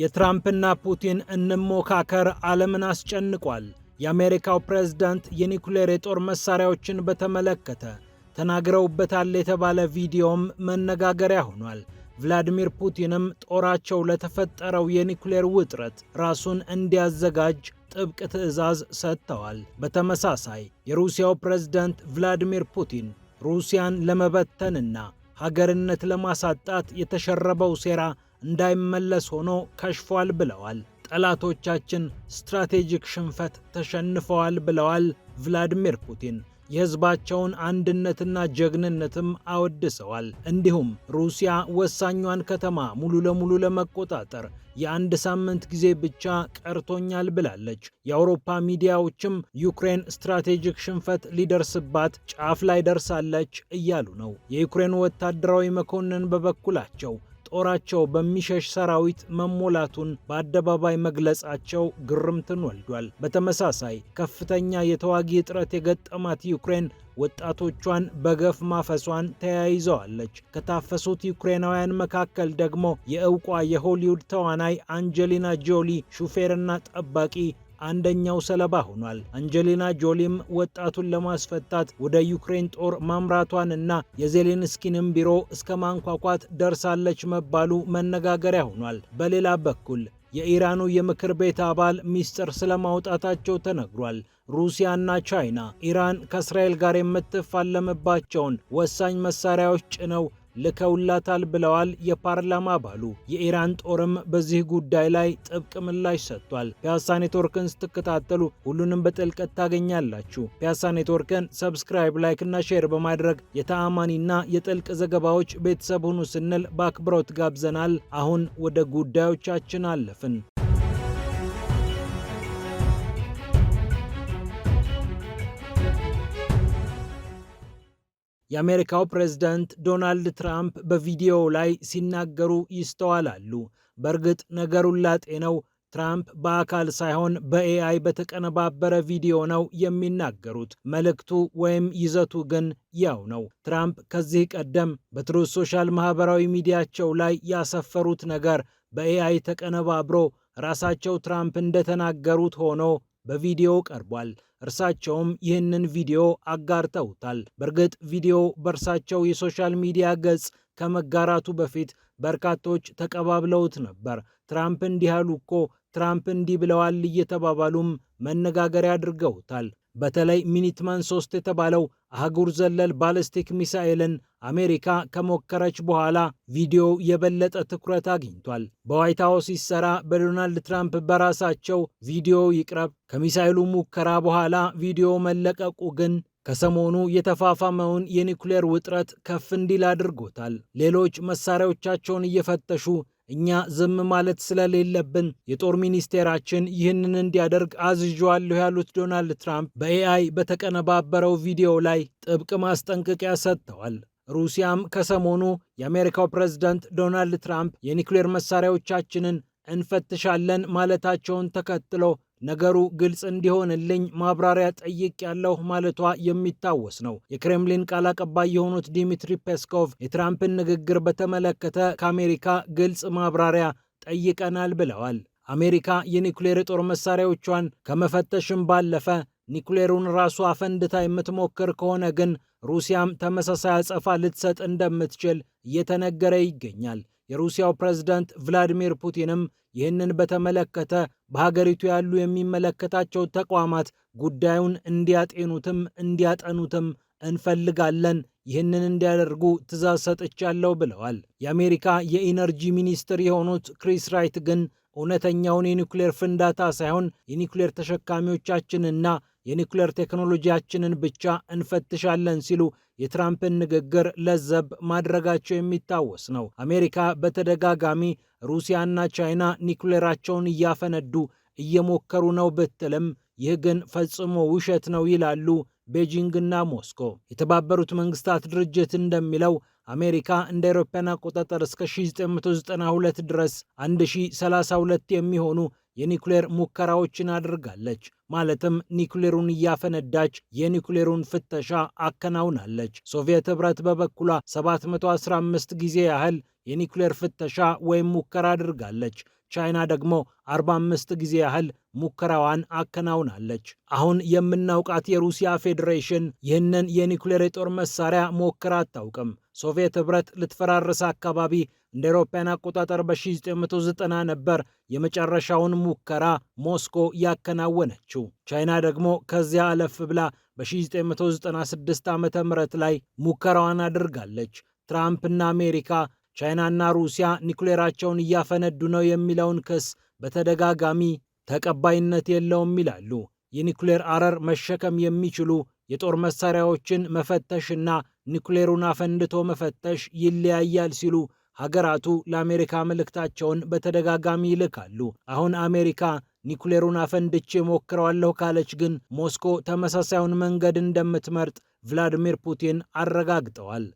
የትራምፕና ፑቲን እንሞካከር ዓለምን አስጨንቋል። የአሜሪካው ፕሬዝዳንት የኒኩሌር የጦር መሳሪያዎችን በተመለከተ ተናግረውበታል የተባለ ቪዲዮም መነጋገሪያ ሆኗል። ቭላዲሚር ፑቲንም ጦራቸው ለተፈጠረው የኒኩሌር ውጥረት ራሱን እንዲያዘጋጅ ጥብቅ ትዕዛዝ ሰጥተዋል። በተመሳሳይ የሩሲያው ፕሬዝዳንት ቭላዲሚር ፑቲን ሩሲያን ለመበተንና ሀገርነት ለማሳጣት የተሸረበው ሴራ እንዳይመለስ ሆኖ ከሽፏል ብለዋል። ጠላቶቻችን ስትራቴጂክ ሽንፈት ተሸንፈዋል ብለዋል ቭላዲሚር ፑቲን። የህዝባቸውን አንድነትና ጀግንነትም አወድሰዋል። እንዲሁም ሩሲያ ወሳኟን ከተማ ሙሉ ለሙሉ ለመቆጣጠር የአንድ ሳምንት ጊዜ ብቻ ቀርቶኛል ብላለች። የአውሮፓ ሚዲያዎችም ዩክሬን ስትራቴጂክ ሽንፈት ሊደርስባት ጫፍ ላይ ደርሳለች እያሉ ነው። የዩክሬን ወታደራዊ መኮንን በበኩላቸው ጦራቸው በሚሸሽ ሰራዊት መሞላቱን በአደባባይ መግለጻቸው ግርምትን ወልዷል። በተመሳሳይ ከፍተኛ የተዋጊ እጥረት የገጠማት ዩክሬን ወጣቶቿን በገፍ ማፈሷን ተያይዘዋለች። ከታፈሱት ዩክሬናውያን መካከል ደግሞ የእውቋ የሆሊውድ ተዋናይ አንጀሊና ጆሊ ሹፌርና ጠባቂ አንደኛው ሰለባ ሆኗል። አንጀሊና ጆሊም ወጣቱን ለማስፈታት ወደ ዩክሬን ጦር ማምራቷን እና የዜሌንስኪንም ቢሮ እስከ ማንኳኳት ደርሳለች መባሉ መነጋገሪያ ሆኗል። በሌላ በኩል የኢራኑ የምክር ቤት አባል ሚስጥር ስለማውጣታቸው ተነግሯል። ሩሲያና ቻይና ኢራን ከእስራኤል ጋር የምትፋለምባቸውን ወሳኝ መሳሪያዎች ጭነው ልከውላታል ብለዋል የፓርላማ አባሉ። የኢራን ጦርም በዚህ ጉዳይ ላይ ጥብቅ ምላሽ ሰጥቷል። ፒያሳ ኔትወርክን ስትከታተሉ ሁሉንም በጥልቀት ታገኛላችሁ። ፒያሳ ኔትወርክን ሰብስክራይብ፣ ላይክ እና ሼር በማድረግ የተአማኒና የጥልቅ ዘገባዎች ቤተሰብ ሁኑ ስንል በአክብሮት ጋብዘናል። አሁን ወደ ጉዳዮቻችን አለፍን። የአሜሪካው ፕሬዝዳንት ዶናልድ ትራምፕ በቪዲዮው ላይ ሲናገሩ ይስተዋላሉ። በእርግጥ ነገሩን ላጤ ነው። ትራምፕ በአካል ሳይሆን በኤአይ በተቀነባበረ ቪዲዮ ነው የሚናገሩት። መልእክቱ ወይም ይዘቱ ግን ያው ነው። ትራምፕ ከዚህ ቀደም በትሩዝ ሶሻል ማህበራዊ ሚዲያቸው ላይ ያሰፈሩት ነገር በኤአይ ተቀነባብሮ ራሳቸው ትራምፕ እንደተናገሩት ሆኖ በቪዲዮ ቀርቧል። እርሳቸውም ይህንን ቪዲዮ አጋርተውታል። በእርግጥ ቪዲዮ በእርሳቸው የሶሻል ሚዲያ ገጽ ከመጋራቱ በፊት በርካቶች ተቀባብለውት ነበር። ትራምፕ እንዲህ አሉ እኮ፣ ትራምፕ እንዲህ ብለዋል እየተባባሉም መነጋገሪያ አድርገውታል። በተለይ ሚኒትማን ሶስት የተባለው አህጉር ዘለል ባለስቲክ ሚሳኤልን አሜሪካ ከሞከረች በኋላ ቪዲዮው የበለጠ ትኩረት አግኝቷል። በዋይት ሀውስ ሲሰራ በዶናልድ ትራምፕ በራሳቸው ቪዲዮ ይቅረብ ከሚሳኤሉ ሙከራ በኋላ ቪዲዮ መለቀቁ ግን ከሰሞኑ የተፋፋመውን የኒውክሌር ውጥረት ከፍ እንዲል አድርጎታል። ሌሎች መሳሪያዎቻቸውን እየፈተሹ እኛ ዝም ማለት ስለሌለብን የጦር ሚኒስቴራችን ይህንን እንዲያደርግ አዝዣዋለሁ ያሉት ዶናልድ ትራምፕ በኤአይ በተቀነባበረው ቪዲዮ ላይ ጥብቅ ማስጠንቀቂያ ሰጥተዋል። ሩሲያም ከሰሞኑ የአሜሪካው ፕሬዝዳንት ዶናልድ ትራምፕ የኒውክሌር መሳሪያዎቻችንን እንፈትሻለን ማለታቸውን ተከትሎ ነገሩ ግልጽ እንዲሆንልኝ ማብራሪያ ጠይቅ ያለው ማለቷ የሚታወስ ነው። የክሬምሊን ቃል አቀባይ የሆኑት ዲሚትሪ ፔስኮቭ የትራምፕን ንግግር በተመለከተ ከአሜሪካ ግልጽ ማብራሪያ ጠይቀናል ብለዋል። አሜሪካ የኒኩሌር የጦር መሳሪያዎቿን ከመፈተሽም ባለፈ ኒኩሌሩን ራሷ አፈንድታ የምትሞክር ከሆነ ግን ሩሲያም ተመሳሳይ አጸፋ ልትሰጥ እንደምትችል እየተነገረ ይገኛል። የሩሲያው ፕሬዝዳንት ቭላዲሚር ፑቲንም ይህንን በተመለከተ በሀገሪቱ ያሉ የሚመለከታቸው ተቋማት ጉዳዩን እንዲያጤኑትም እንዲያጠኑትም እንፈልጋለን ይህንን እንዲያደርጉ ትእዛዝ ሰጥቻለሁ ብለዋል። የአሜሪካ የኢነርጂ ሚኒስትር የሆኑት ክሪስ ራይት ግን እውነተኛውን የኒውክሌር ፍንዳታ ሳይሆን የኒውክሌር ተሸካሚዎቻችንና የኒውክሌር ቴክኖሎጂያችንን ብቻ እንፈትሻለን ሲሉ የትራምፕን ንግግር ለዘብ ማድረጋቸው የሚታወስ ነው። አሜሪካ በተደጋጋሚ ሩሲያና ቻይና ኒኩሌራቸውን እያፈነዱ እየሞከሩ ነው ብትልም ይህ ግን ፈጽሞ ውሸት ነው ይላሉ ቤጂንግና ሞስኮ። የተባበሩት መንግስታት ድርጅት እንደሚለው አሜሪካ እንደ አውሮፓውያን አቆጣጠር እስከ 1992 ድረስ 1032 የሚሆኑ የኒኩሌር ሙከራዎችን አድርጋለች። ማለትም ኒኩሌሩን እያፈነዳች የኒኩሌሩን ፍተሻ አከናውናለች። ሶቪየት ኅብረት በበኩሏ 715 ጊዜ ያህል የኒውክሌር ፍተሻ ወይም ሙከራ አድርጋለች። ቻይና ደግሞ 45 ጊዜ ያህል ሙከራዋን አከናውናለች። አሁን የምናውቃት የሩሲያ ፌዴሬሽን ይህንን የኒውክሌር የጦር መሳሪያ ሞክራ አታውቅም። ሶቪየት ህብረት ልትፈራረስ አካባቢ እንደ አውሮፓውያን አቆጣጠር በ1990 ነበር የመጨረሻውን ሙከራ ሞስኮ ያከናወነችው። ቻይና ደግሞ ከዚያ አለፍ ብላ በ1996 ዓ ም ላይ ሙከራዋን አድርጋለች። ትራምፕና አሜሪካ ቻይናና ሩሲያ ኒውክሌራቸውን እያፈነዱ ነው የሚለውን ክስ በተደጋጋሚ ተቀባይነት የለውም ይላሉ። የኒውክሌር አረር መሸከም የሚችሉ የጦር መሳሪያዎችን መፈተሽና ኒውክሌሩን አፈንድቶ መፈተሽ ይለያያል ሲሉ ሀገራቱ ለአሜሪካ መልእክታቸውን በተደጋጋሚ ይልካሉ። አሁን አሜሪካ ኒውክሌሩን አፈንድቼ ሞክረዋለሁ ካለች ግን ሞስኮ ተመሳሳዩን መንገድ እንደምትመርጥ ቭላዲሚር ፑቲን አረጋግጠዋል።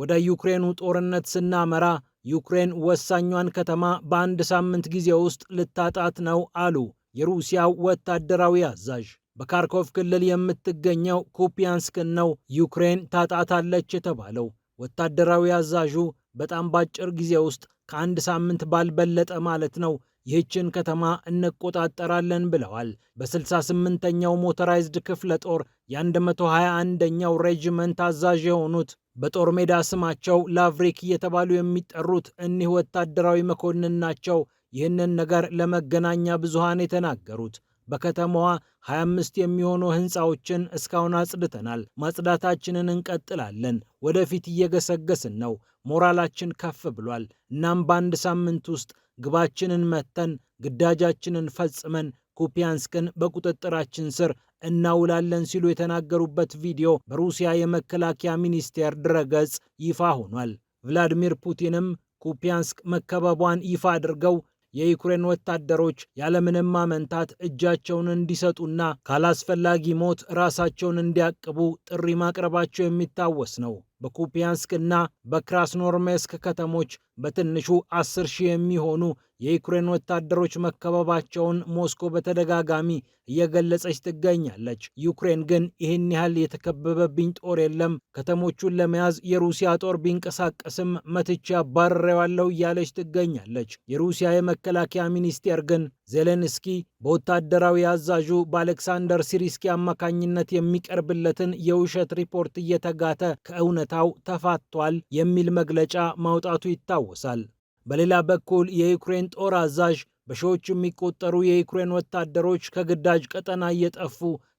ወደ ዩክሬኑ ጦርነት ስናመራ ዩክሬን ወሳኟን ከተማ በአንድ ሳምንት ጊዜ ውስጥ ልታጣት ነው አሉ የሩሲያው ወታደራዊ አዛዥ። በካርኮቭ ክልል የምትገኘው ኩፒያንስክን ነው ዩክሬን ታጣታለች የተባለው። ወታደራዊ አዛዡ በጣም ባጭር ጊዜ ውስጥ ከአንድ ሳምንት ባልበለጠ ማለት ነው ይህችን ከተማ እንቆጣጠራለን ብለዋል። በ68ኛው ሞተራይዝድ ክፍለ ጦር የ121ኛው ሬጅመንት አዛዥ የሆኑት በጦር ሜዳ ስማቸው ላቭሪክ እየተባሉ የሚጠሩት እኒህ ወታደራዊ መኮንን ናቸው። ይህንን ነገር ለመገናኛ ብዙሃን የተናገሩት በከተማዋ 25 የሚሆኑ ህንፃዎችን እስካሁን አጽድተናል። ማጽዳታችንን እንቀጥላለን። ወደፊት እየገሰገስን ነው። ሞራላችን ከፍ ብሏል። እናም በአንድ ሳምንት ውስጥ ግባችንን መተን ግዳጃችንን ፈጽመን ኩፒያንስክን በቁጥጥራችን ስር እናውላለን ሲሉ የተናገሩበት ቪዲዮ በሩሲያ የመከላከያ ሚኒስቴር ድረገጽ ይፋ ሆኗል። ቭላዲሚር ፑቲንም ኩፒያንስክ መከበቧን ይፋ አድርገው የዩክሬን ወታደሮች ያለምንም ማመንታት እጃቸውን እንዲሰጡና ካላስፈላጊ ሞት ራሳቸውን እንዲያቅቡ ጥሪ ማቅረባቸው የሚታወስ ነው። በኩፒያንስክ እና በክራስኖርሜስክ ከተሞች በትንሹ 10 ሺህ የሚሆኑ የዩክሬን ወታደሮች መከበባቸውን ሞስኮ በተደጋጋሚ እየገለጸች ትገኛለች። ዩክሬን ግን ይህን ያህል የተከበበብኝ ጦር የለም፣ ከተሞቹን ለመያዝ የሩሲያ ጦር ቢንቀሳቀስም መትቼ አባርሬዋለሁ እያለች ትገኛለች። የሩሲያ የመከላከያ ሚኒስቴር ግን ዜሌንስኪ በወታደራዊ አዛዡ በአሌክሳንደር ሲሪስኪ አማካኝነት የሚቀርብለትን የውሸት ሪፖርት እየተጋተ ከእውነታው ተፋቷል የሚል መግለጫ ማውጣቱ ይታወሳል። በሌላ በኩል የዩክሬን ጦር አዛዥ በሺዎች የሚቆጠሩ የዩክሬን ወታደሮች ከግዳጅ ቀጠና እየጠፉ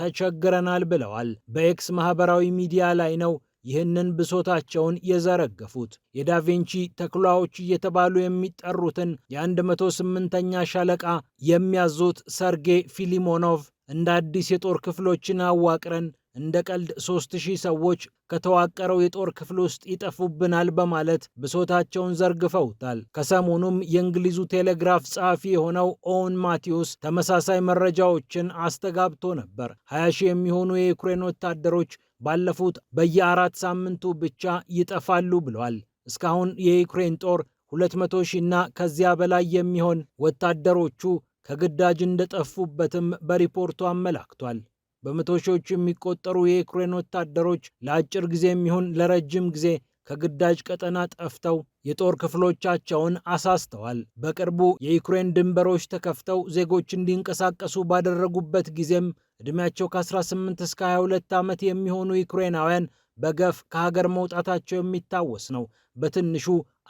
ተቸግረናል ብለዋል። በኤክስ ማህበራዊ ሚዲያ ላይ ነው ይህንን ብሶታቸውን የዘረገፉት የዳቬንቺ ተኩላዎች እየተባሉ የሚጠሩትን የ108ኛ ሻለቃ የሚያዙት ሰርጌ ፊሊሞኖቭ እንደ አዲስ የጦር ክፍሎችን አዋቅረን እንደ ቀልድ ሦስት ሺህ ሰዎች ከተዋቀረው የጦር ክፍል ውስጥ ይጠፉብናል በማለት ብሶታቸውን ዘርግፈውታል። ከሰሞኑም የእንግሊዙ ቴሌግራፍ ጸሐፊ የሆነው ኦውን ማቲዩስ ተመሳሳይ መረጃዎችን አስተጋብቶ ነበር። 20 ሺህ የሚሆኑ የዩክሬን ወታደሮች ባለፉት በየአራት ሳምንቱ ብቻ ይጠፋሉ ብለዋል። እስካሁን የዩክሬን ጦር 200 ሺና ከዚያ በላይ የሚሆን ወታደሮቹ ከግዳጅ እንደጠፉበትም በሪፖርቱ አመላክቷል። በመቶ ሺዎች የሚቆጠሩ የዩክሬን ወታደሮች ለአጭር ጊዜ የሚሆን ለረጅም ጊዜ ከግዳጅ ቀጠና ጠፍተው የጦር ክፍሎቻቸውን አሳስተዋል። በቅርቡ የዩክሬን ድንበሮች ተከፍተው ዜጎች እንዲንቀሳቀሱ ባደረጉበት ጊዜም ዕድሜያቸው ከ18 እስከ 22 ዓመት የሚሆኑ ዩክሬናውያን በገፍ ከሀገር መውጣታቸው የሚታወስ ነው። በትንሹ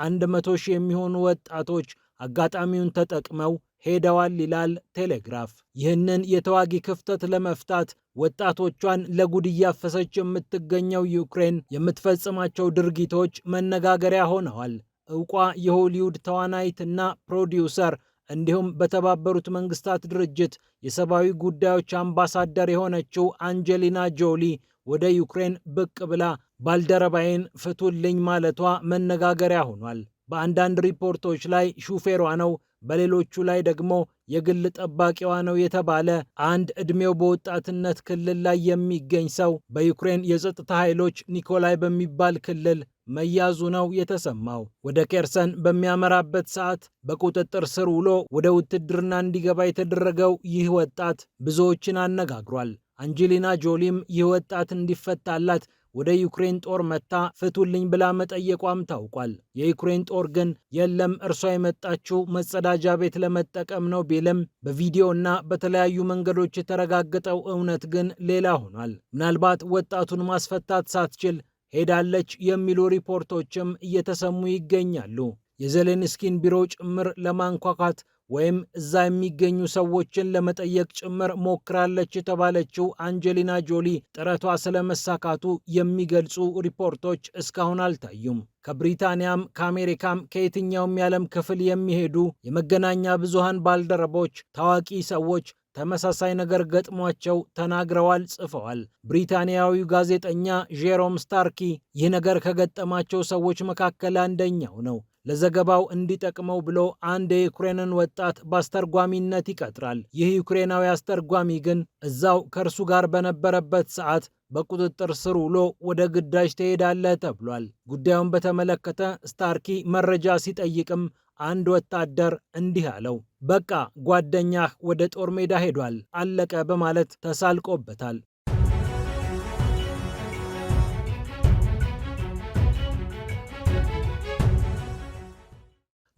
100 ሺህ የሚሆኑ ወጣቶች አጋጣሚውን ተጠቅመው ሄደዋል ይላል ቴሌግራፍ። ይህንን የተዋጊ ክፍተት ለመፍታት ወጣቶቿን ለጉድ እያፈሰች የምትገኘው ዩክሬን የምትፈጽማቸው ድርጊቶች መነጋገሪያ ሆነዋል። እውቋ የሆሊውድ ተዋናይት እና ፕሮዲውሰር እንዲሁም በተባበሩት መንግስታት ድርጅት የሰብአዊ ጉዳዮች አምባሳደር የሆነችው አንጀሊና ጆሊ ወደ ዩክሬን ብቅ ብላ ባልደረባዬን ፍቱልኝ ማለቷ መነጋገሪያ ሆኗል። በአንዳንድ ሪፖርቶች ላይ ሹፌሯ ነው፣ በሌሎቹ ላይ ደግሞ የግል ጠባቂዋ ነው የተባለ አንድ ዕድሜው በወጣትነት ክልል ላይ የሚገኝ ሰው በዩክሬን የጸጥታ ኃይሎች ኒኮላይ በሚባል ክልል መያዙ ነው የተሰማው። ወደ ኬርሰን በሚያመራበት ሰዓት በቁጥጥር ስር ውሎ ወደ ውትድርና እንዲገባ የተደረገው ይህ ወጣት ብዙዎችን አነጋግሯል። አንጀሊና ጆሊም ይህ ወጣት እንዲፈታላት ወደ ዩክሬን ጦር መታ ፍቱልኝ ብላ መጠየቋም ታውቋል። የዩክሬን ጦር ግን የለም እርሷ የመጣችው መጸዳጃ ቤት ለመጠቀም ነው ቢልም በቪዲዮና በተለያዩ መንገዶች የተረጋገጠው እውነት ግን ሌላ ሆኗል። ምናልባት ወጣቱን ማስፈታት ሳትችል ሄዳለች የሚሉ ሪፖርቶችም እየተሰሙ ይገኛሉ። የዘሌንስኪን ቢሮ ጭምር ለማንኳኳት ወይም እዛ የሚገኙ ሰዎችን ለመጠየቅ ጭምር ሞክራለች የተባለችው አንጀሊና ጆሊ ጥረቷ ስለመሳካቱ የሚገልጹ ሪፖርቶች እስካሁን አልታዩም። ከብሪታንያም ከአሜሪካም ከየትኛውም የዓለም ክፍል የሚሄዱ የመገናኛ ብዙሃን ባልደረቦች፣ ታዋቂ ሰዎች ተመሳሳይ ነገር ገጥሟቸው ተናግረዋል፣ ጽፈዋል። ብሪታንያዊው ጋዜጠኛ ጄሮም ስታርኪ ይህ ነገር ከገጠማቸው ሰዎች መካከል አንደኛው ነው። ለዘገባው እንዲጠቅመው ብሎ አንድ የዩክሬንን ወጣት በአስተርጓሚነት ይቀጥራል። ይህ ዩክሬናዊ አስተርጓሚ ግን እዛው ከእርሱ ጋር በነበረበት ሰዓት በቁጥጥር ስር ውሎ ወደ ግዳጅ ትሄዳለህ ተብሏል። ጉዳዩን በተመለከተ ስታርኪ መረጃ ሲጠይቅም አንድ ወታደር እንዲህ አለው። በቃ ጓደኛህ ወደ ጦር ሜዳ ሄዷል፣ አለቀ በማለት ተሳልቆበታል።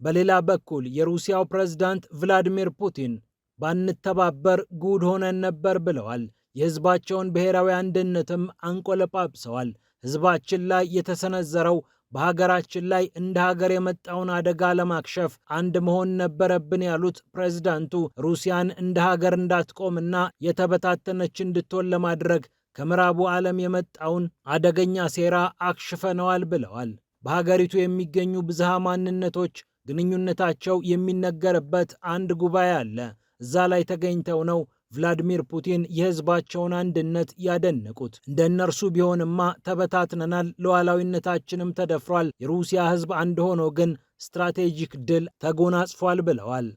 በሌላ በኩል የሩሲያው ፕሬዝዳንት ቭላዲሚር ፑቲን ባንተባበር ጉድ ሆነን ነበር ብለዋል። የህዝባቸውን ብሔራዊ አንድነትም አንቆለጳጵሰዋል። ህዝባችን ላይ የተሰነዘረው በሀገራችን ላይ እንደ ሀገር የመጣውን አደጋ ለማክሸፍ አንድ መሆን ነበረብን ያሉት ፕሬዝዳንቱ ሩሲያን እንደ ሀገር እንዳትቆምና የተበታተነች እንድትሆን ለማድረግ ከምዕራቡ ዓለም የመጣውን አደገኛ ሴራ አክሽፈነዋል ብለዋል። በሀገሪቱ የሚገኙ ብዝሃ ማንነቶች ግንኙነታቸው የሚነገርበት አንድ ጉባኤ አለ። እዛ ላይ ተገኝተው ነው ቭላዲሚር ፑቲን የህዝባቸውን አንድነት ያደነቁት። እንደ እነርሱ ቢሆንማ ተበታትነናል፣ ሉዓላዊነታችንም ተደፍሯል፣ የሩሲያ ህዝብ አንድ ሆኖ ግን ስትራቴጂክ ድል ተጎናጽፏል ብለዋል።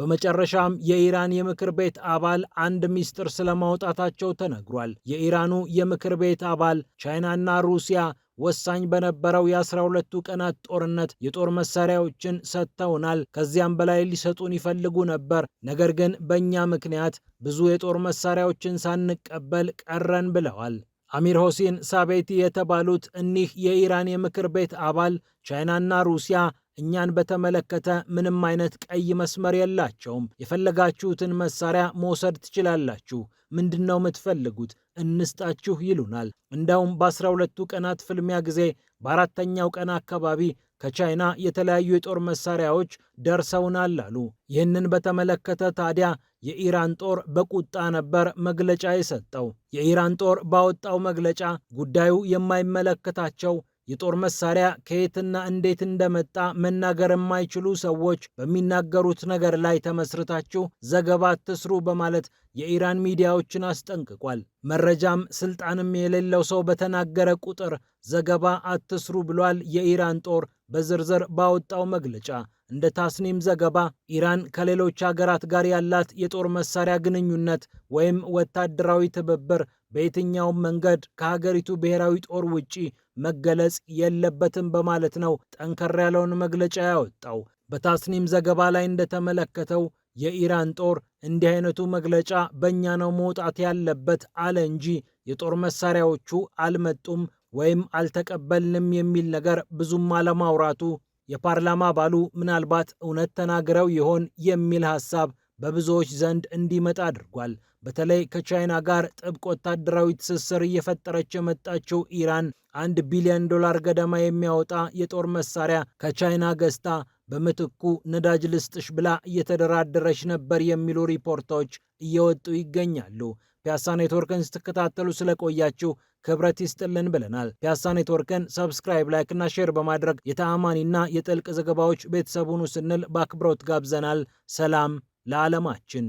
በመጨረሻም የኢራን የምክር ቤት አባል አንድ ሚስጥር ስለማውጣታቸው ተነግሯል። የኢራኑ የምክር ቤት አባል ቻይናና ሩሲያ ወሳኝ በነበረው የአስራ ሁለቱ ቀናት ጦርነት የጦር መሳሪያዎችን ሰጥተውናል፣ ከዚያም በላይ ሊሰጡን ይፈልጉ ነበር፣ ነገር ግን በእኛ ምክንያት ብዙ የጦር መሳሪያዎችን ሳንቀበል ቀረን ብለዋል። አሚር ሁሴን ሳቤቲ የተባሉት እኒህ የኢራን የምክር ቤት አባል ቻይናና ሩሲያ እኛን በተመለከተ ምንም አይነት ቀይ መስመር የላቸውም። የፈለጋችሁትን መሳሪያ መውሰድ ትችላላችሁ። ምንድን ነው የምትፈልጉት? እንስጣችሁ ይሉናል። እንደውም በአስራ ሁለቱ ቀናት ፍልሚያ ጊዜ በአራተኛው ቀን አካባቢ ከቻይና የተለያዩ የጦር መሳሪያዎች ደርሰውናል አሉ። ይህንን በተመለከተ ታዲያ የኢራን ጦር በቁጣ ነበር መግለጫ የሰጠው። የኢራን ጦር ባወጣው መግለጫ ጉዳዩ የማይመለከታቸው የጦር መሳሪያ ከየትና እንዴት እንደመጣ መናገር የማይችሉ ሰዎች በሚናገሩት ነገር ላይ ተመስርታችሁ ዘገባ አትስሩ በማለት የኢራን ሚዲያዎችን አስጠንቅቋል። መረጃም ስልጣንም የሌለው ሰው በተናገረ ቁጥር ዘገባ አትስሩ ብሏል። የኢራን ጦር በዝርዝር ባወጣው መግለጫ እንደ ታስኒም ዘገባ ኢራን ከሌሎች ሀገራት ጋር ያላት የጦር መሳሪያ ግንኙነት ወይም ወታደራዊ ትብብር በየትኛውም መንገድ ከሀገሪቱ ብሔራዊ ጦር ውጪ መገለጽ የለበትም በማለት ነው ጠንከር ያለውን መግለጫ ያወጣው። በታስኒም ዘገባ ላይ እንደተመለከተው የኢራን ጦር እንዲህ አይነቱ መግለጫ በእኛ ነው መውጣት ያለበት አለ እንጂ የጦር መሳሪያዎቹ አልመጡም ወይም አልተቀበልንም የሚል ነገር ብዙም አለማውራቱ የፓርላማ አባሉ ምናልባት እውነት ተናግረው ይሆን የሚል ሀሳብ በብዙዎች ዘንድ እንዲመጣ አድርጓል። በተለይ ከቻይና ጋር ጥብቅ ወታደራዊ ትስስር እየፈጠረች የመጣችው ኢራን አንድ ቢሊዮን ዶላር ገደማ የሚያወጣ የጦር መሳሪያ ከቻይና ገዝታ በምትኩ ነዳጅ ልስጥሽ ብላ እየተደራደረች ነበር የሚሉ ሪፖርቶች እየወጡ ይገኛሉ። ፒያሳ ኔትወርክን ስትከታተሉ ስለቆያችሁ ክብረት ይስጥልን ብለናል። ፒያሳ ኔትወርክን ሰብስክራይብ፣ ላይክ እና ሼር በማድረግ የተአማኒና የጥልቅ ዘገባዎች ቤተሰቡን ስንል በአክብሮት ጋብዘናል። ሰላም ለዓለማችን።